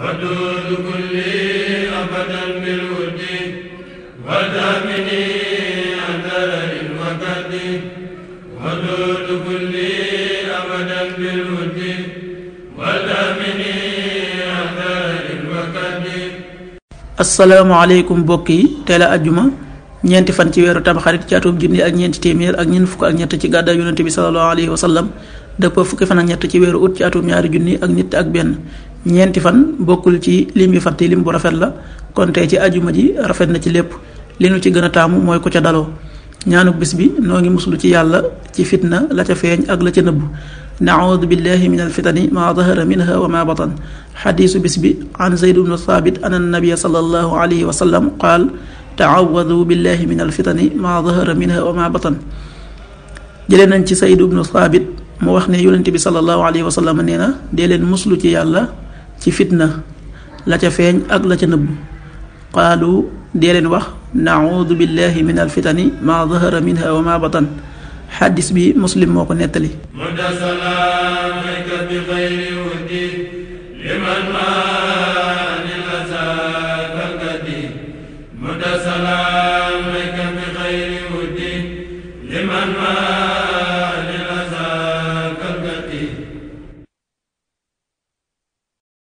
ودود كلي أبدا بالود ودامني أثر الوقت ودود كلي أبدا بالود ودامني أثر الوقت asalaamaaleykum mbokk yi tey la ajjuma ñeenti fan ci weeru tamxarit ci atum junni ak ñeenti téeméer ak ñeent fukk ak ñett ci gàddaay yonente bi salallahu alayhi wa sallam fukki fan ak ñett ci weeru ut ci atum ñaari junni ak ñett ak benn ñeenti fan bokkul ci lim yu fàtte lim bu rafet la kon ci ajuma ji rafet na ci lépp li nu ci gën a taamu mooy ku ca daloo ñaanu bis bi noo ngi muslu ci yàlla ci fitna la ca feeñ ak la ca nëbb naudu billahi min alfitani ma dahara minha wa ma batan xadiisu bis bi an zayd bnu saabit an annabia sallallahu alayhi wa sallam qaal taawadu billahi min alfitani ma dahara minha wa ma batan jëlee nañ ci zayd bnu saabit mu wax ne yonente bi sallallahu alayhi wa sallam nee na dee leen muslu ci yàlla ci fitna la ca feeñ ak la ca nëbb qaalu dee leen wax naudu billahi min alfitani ma zahara minha wa ma batan xaddis bi muslim moo ko nettali man